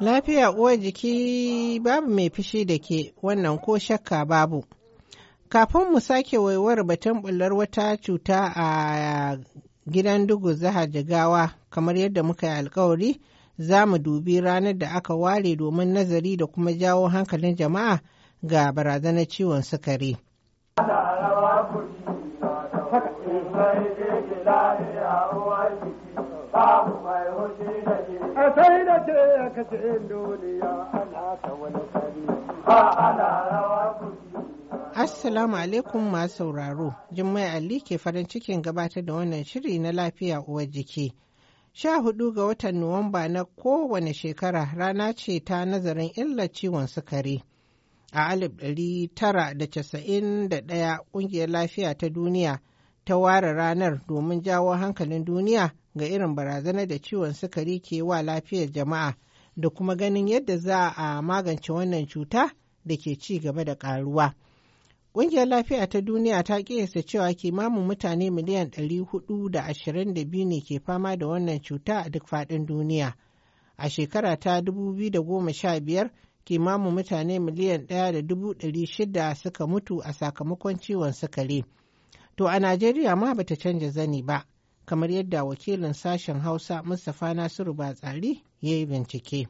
Lafiya uwar jiki babu mai fushi da ke wannan ko shakka babu. Kafin mu sake waiwar batun bullar wata cuta a gidan dugu zaha jigawa kamar yadda muka yi alkawari za mu dubi ranar da aka ware domin nazari da kuma jawo hankalin jama'a ga barazanar ciwon sukari. Assalamu alaikum masu sauraro, Jummai Ali ke farin cikin gabatar da wannan shiri na lafiya uwar jiki. Sha hudu ga watan Nuwamba na kowane shekara rana ce ta nazarin illar ciwon sukari. A alif ɗari tara da casa'in da ɗaya ƙungiyar lafiya ta duniya ta ware ranar domin jawo hankalin duniya ga irin barazanar da ciwon sukari ke wa lafiyar jama'a da kuma ganin yadda za a magance wannan cuta da ke ci gaba da karuwa. Ƙungiyar lafiya ta duniya ta ƙiyasta cewa kimanin mutane miliyan 422 ne ke fama da wannan cuta a duk faɗin duniya. A shekara ta 2015 kimanin mutane miliyan 1.600 suka mutu a sakamakon ciwon sukari. To a Najeriya ma bata canja zani ba, kamar yadda wakilin sashen Hausa Mustapha Nasiru Batsari ya yi bincike.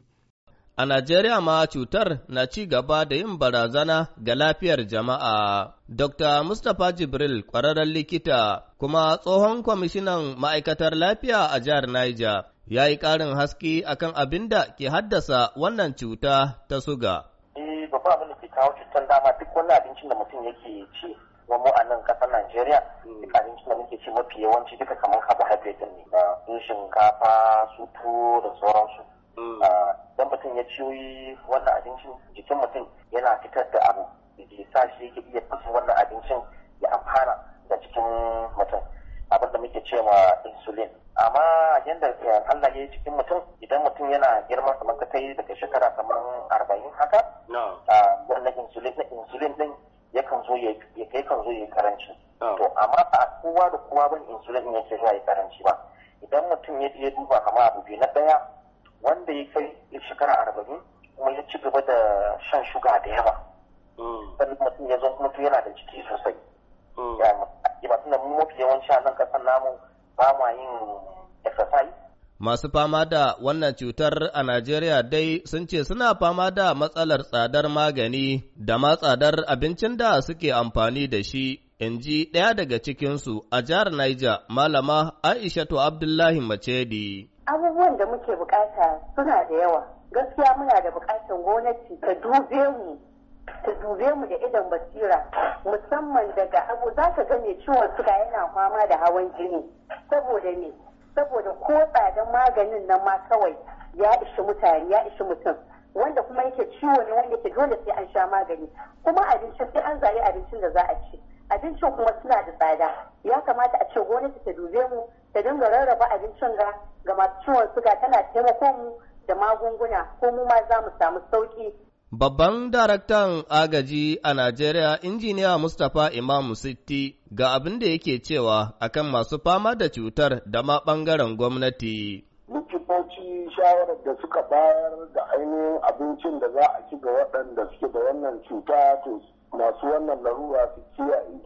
A Najeriya ma cutar na ci gaba da yin barazana ga lafiyar jama'a. Dr. Mustapha Jibril, ƙwararren likita kuma tsohon kwamishinan ma'aikatar lafiya a jihar Niger, ya yi ƙarin haske akan abin da ke haddasa wannan cuta ta suga. Eh, abin da ke kawo cutar dama duk wani abincin da mutum yake ci kuma mu a nan ƙasar Najeriya mm. duk abincin da muke ci mafi yawanci duka kamar carbohydrate ne da su shinkafa su tuwo da sauransu. Mm. Ah, idan mutum ya ci wannan abincin jikin mutum yana fitar da abu da sa shi yake iya fasa wannan abincin ya amfana da cikin mutum abin da muke cewa insulin amma yadda eh, Allah ya yi cikin mutum idan mutum yana girma kamar ka yi daga shekara kamar arba'in haka ah, wannan insulin na insulin din yakan zo ya kan zo ya karanci ah. to amma ba kowa da kowa ban insulin ne yake zuwa ya karanci ba idan mutum ya je duba kamar abu biyu na ɗaya. wanda ya kai shekara arba'in kuma ya ci gaba da shan shuga da yawa hmm. sannan mutum ya zo kuma yana da jiki sosai hmm. ya mutum mafi yawanci a nan kasan namu ba ma yin exercise Masu fama da wannan cutar a Najeriya dai sun ce suna fama da matsalar tsadar magani da ma tsadar abincin da suke amfani da shi, in ji ɗaya daga cikinsu a jihar Niger, Malama Aishatu Abdullahi Macedi. Abubuwan da muke bukata suna da yawa, gaskiya muna da bukatan gwamnati ta dube mu ta dube mu da idan basira musamman daga abu za ka gane ciwon suga yana fama da hawan jini saboda ne saboda ko tsadan maganin nan ma kawai ya ishi mutane ya ishi mutum wanda kuma yake ciwo ne wanda ke dole sai an sha magani kuma abincin sai an zari abincin da za a ci abincin kuma suna da tsada ya kamata a ce gwamnati ta dube mu ta dinga rarraba abincin ga ga masu ciwon suga tana taimakon mu da magunguna ko mu ma za mu samu sauki Babban daraktan agaji a Najeriya, injiniya Mustapha Imam Sitti, ga abin da yake cewa akan masu fama da cutar da ma ɓangaren gwamnati. Likitoci shawarar da suka bayar da ainihin abincin da za a ci ga waɗanda suke da wannan cuta to masu wannan larura su kiyaye.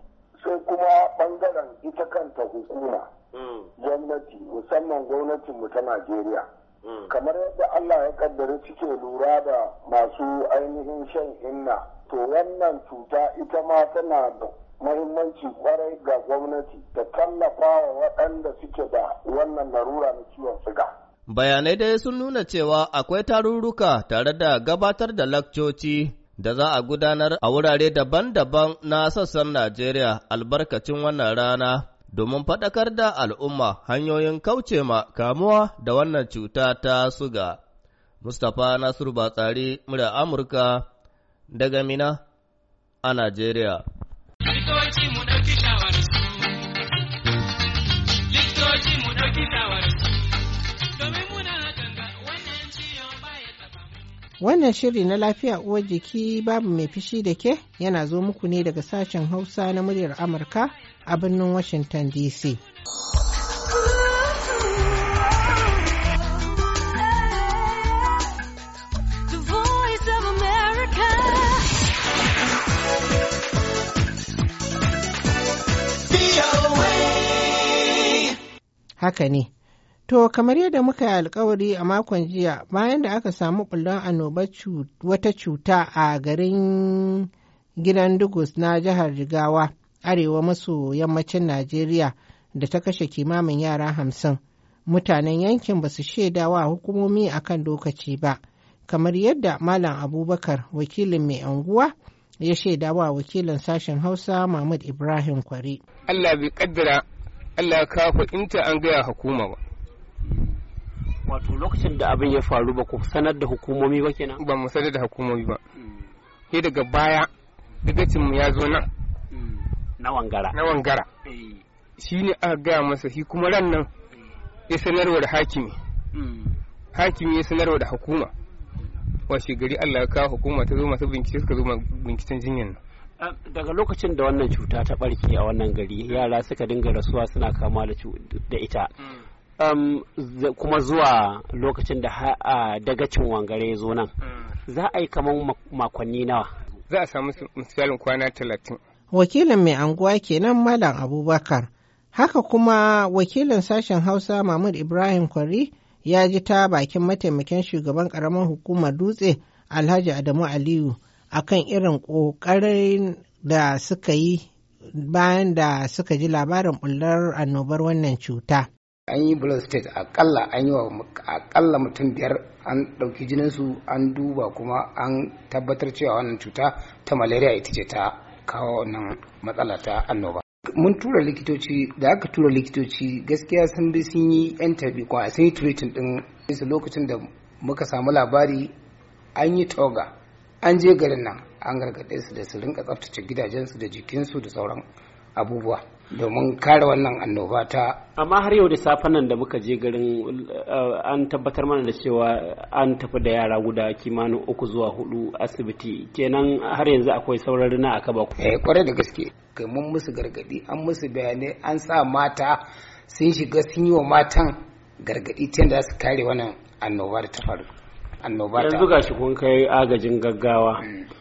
Sai kuma ɓangaren ita kanta hukuma, hmm. gwamnati, musamman gwamnatinmu ta Najeriya. Mm. kamar yadda Allah ya kaddara cike lura da masu ainihin shan inna to wannan cuta ita ma tana da mahimmanci kwarai ga gwamnati da tallafa wa waɗanda suke da wannan larura na ciwon siga. Bayanai dai sun nuna cewa akwai tarurruka tare da gabatar da lakcoci da za a gudanar a wurare daban-daban na sassan Najeriya albarkacin wannan rana. domin faɗakar da al'umma hanyoyin kauce ma kamuwa da wannan cuta ta suga. Mustapha Nasiru Batsari, murya Amurka, daga Mina a Najeriya. Likitoci mu ɗauki shawararsu, likitoci mu ɗauki shawararsu. Wannan shiri na lafiya uwar jiki babu mai fishi da ke yana zo muku ne daga sashen Hausa na muryar Amurka a birnin Washington DC. Haka ne. To, kamar yadda muka yi alkawari a makon jiya, bayan da aka samu bullon annoba wata cuta a garin gidan Dugus na jihar Jigawa, arewa maso yammacin Najeriya da ta kashe kimamin yara hamsin. Mutanen yankin ba su shaidawa hukumomi a kan lokaci ba, kamar yadda Malam Abubakar wakilin mai anguwa ya shaidawa wakilin sashen Hausa Mahmud Ibrahim Kwari. Allah bai kaddara Allah kafa inta an gaya hukuma ba. wato lokacin da abin ya faru ba ku sanar da hukumomi ba kenan ba mu sanar da hukumomi ba sai daga baya dagacin mu ya zo nan na wangara na wangara shi ne aka gaya masa shi kuma ran nan ya sanarwa da hakimi hakimi ya sanarwa da hukuma Wa gari Allah ya kawo hukuma ta zo masu bincike suka zo binciken jinyar nan daga lokacin da wannan cuta ta barke a wannan gari yara suka dinga rasuwa suna kama da ita mm. kuma zuwa lokacin da dagacin wangare zo nan hmm. za a yi kamar makonni nawa za a samu misalin kwana talatin wakilin mai anguwa kenan malam abubakar haka kuma wakilin sashen hausa mahmud ibrahim kwari ya ji ta bakin mataimakin shugaban karamar hukumar dutse alhaji adamu aliyu akan irin ƙoƙarin da suka yi bayan da suka ji labarin bullar annobar wannan cuta an yi blood state akalla an yi wa akalla mutum biyar an ɗauki jininsu an duba kuma an tabbatar cewa wannan cuta ta malaria ita ce ta kawo wannan matsala ta annoba mun tura likitoci da aka tura likitoci gaskiya sun bi sun yi yan tabi kwa sun yi treating din su lokacin da muka samu labari an yi toga an je garin nan an gargaɗe su da su rinka tsaftace gidajensu da jikinsu da sauran abubuwa domin kare wannan annoba ta amma har yau da safen nan da muka je garin eh, an tabbatar mana da cewa an tafi da yara guda kimanin uku zuwa hudu asibiti kenan har yanzu akwai saurari na aka ba ku eh kware da gaske kai mun musu gargadi an musu bayanai an sa mata sun shiga sun yi wa matan gargadi ta da su kare wannan annoba ta faru annoba ta yanzu gashi kun kai agajin gaggawa mm.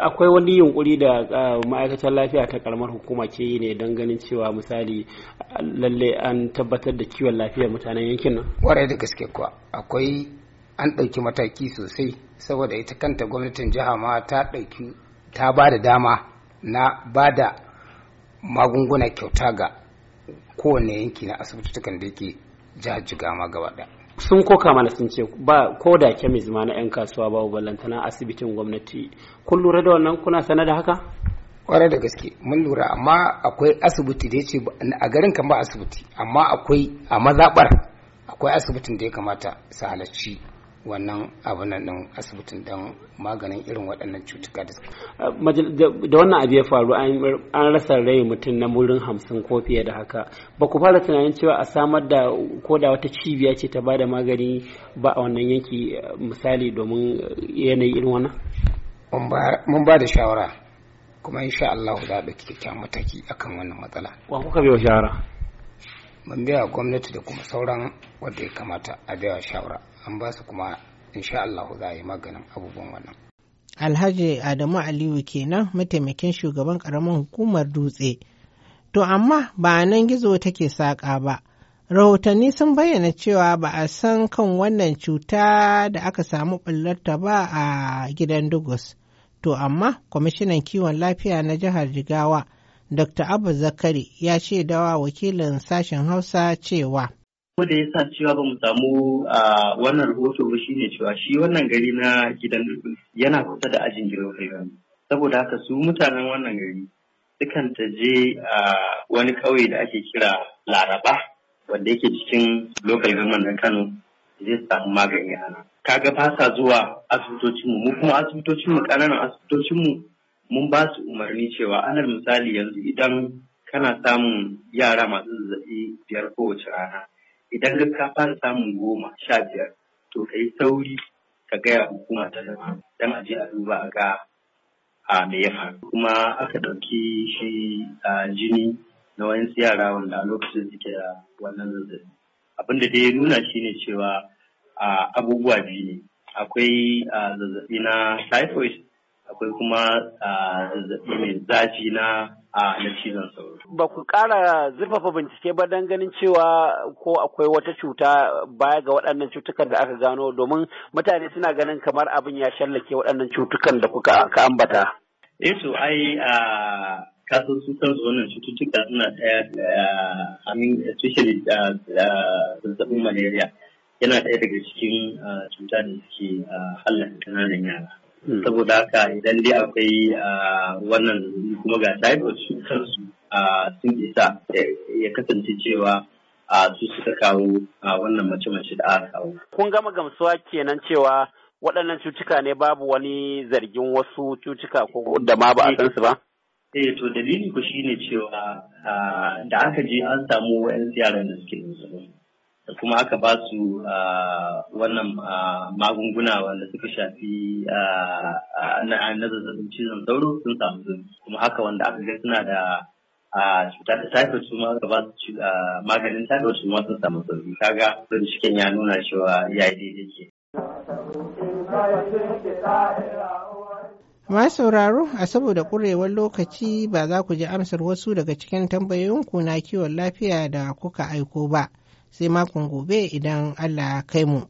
akwai wani yunkuri da ah, ma'aikatar lafiya ta karamar hukuma ke yi ne don ganin cewa misali lalle an tabbatar da kiwon lafiyar mutanen yankin nan warai da gaske kuwa akwai an ɗauki mataki sosai saboda ita kanta gwamnatin jiha ma ta ɗauki ta ba da dama na ba da magunguna kyauta ga kowane yanki na asibitotukan da yake jihar ma gaba ɗaya sun koka mana sun ce ba ko da kemis ma na 'yan kasuwa ba ballantana asibitin gwamnati kun lura da wannan kuna sana da haka kwarai da gaske mun lura amma akwai asibiti da ya ce a garin kan ba asibiti amma akwai a mazaɓar akwai asibitin da ya kamata su halarci wannan abunan nan asibitin don maganin irin waɗannan cutuka da da wannan abu ya faru an rasa rai mutum na murin hamsin ko fiye da haka ba ku fara tunanin cewa a samar da ko da wata cibiya ce ta bada magani ba a wannan yanki eh, misali domin eh, yanayi irin wannan mun ba da shawara kuma insha Allah za a ɗauki kyakkyawan mataki akan wannan matsala wa kuka bi wa shawara mun biya gwamnati da kuma sauran wanda ya kamata a biya shawara an ba su kuma insha Allah za a yi maganin abubuwan wannan Alhaji Adamu Aliyu kenan mataimakin shugaban ƙaramin hukumar dutse to amma ba nan gizo take saƙa ba rahotanni sun bayyana cewa ba a san kan wannan cuta da aka samu ɓullarta ba a gidan Dugus. To amma kwamishinan kiwon lafiya na jihar Jigawa Dr. Abu Zakari ya ce dawa wakilin sashen Hausa cewa. Ko da ya sa cewa ba mu samu a wannan rahoto ba shine cewa shi wannan gari na gidan yana kusa da ajin gidan Saboda haka su mutanen wannan gari sukan ta je a wani ƙauye da ake kira Laraba wanda yake cikin local government na Kano zai samu magani a nan. Kaga ba sa zuwa asibitocinmu mu kuma asibitocinmu ƙananan asibitocinmu mun ba su umarni cewa anar misali yanzu idan kana samun yara masu zazzaɓi biyar kowace rana idan ka fara samun goma sha biyar to ka yi sauri ka gaya hukuma ta zama don a je a duba a ga a me ya faru kuma aka ɗauki shi a jini na wani yara wanda a lokacin suke da wannan zazzaɓi abin da dai ya nuna shine cewa abubuwa biyu ne akwai zazzaɓi na typhoid akwai kuma zazzaɓi mai zafi na na cizon sauro. Ba ku ƙara zurfafa bincike ba don ganin cewa ko akwai wata cuta baya ga waɗannan cutukan da aka gano domin mutane suna ganin kamar abin ya shallake waɗannan cutukan da kuka ka ambata. Eh to ai kasan su kansu wannan cututtuka suna ɗaya min especially zazzabin malaria yana ɗaya daga cikin cuta da suke hallaka ƙananan yara. Hmm. saboda haka idan dai akwai ah, wannan kuma ga typhoid su ah, kansu sun isa eh, ya kasance cewa a ah, su suka kawo a wannan mace-mace da aka kawo. Kun gama gamsuwa kenan cewa waɗannan cutuka ne babu wani zargin wasu cutuka ko da ma ba a san su ba? Eh to dalili ku shine cewa da aka je an samu wa'yan yaran da suke da kuma aka ba su wannan magunguna wanda suka shafi na zazzabin cizon sauro sun samu zuwa kuma haka wanda aka ga suna da cuta ta typhoid su ma aka ba su maganin typhoid su ma sun samu sauki kaga binciken ya nuna cewa ya yi daidai ke. Ma sauraro a saboda ƙurewar lokaci ba za ku ji amsar wasu daga cikin tambayoyinku na kiwon lafiya da kuka aiko ba. sai makon gobe idan Allah ya kai mu.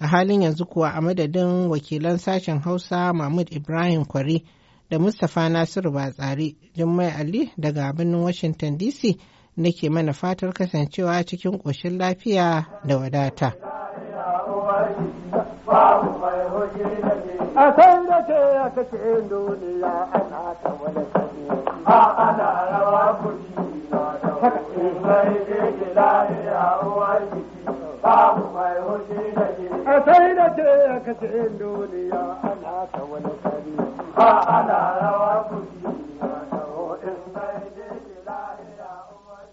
A halin yanzu kuwa a madadin wakilan sashen Hausa Mahmud Ibrahim Kwari da Mustapha Nasiru Batsari Jummai Ali daga birnin Washington DC nake mana fatar kasancewa cikin ƙoshin lafiya da wadata. a kan da ke ya kace duniya ana ta wani kare a ana rawa kudi na da wani mai ke lafiya uwar jiki babu mai hoji da ke a sai da ke ya kace duniya ana ta wani kare a ana rawa kudi.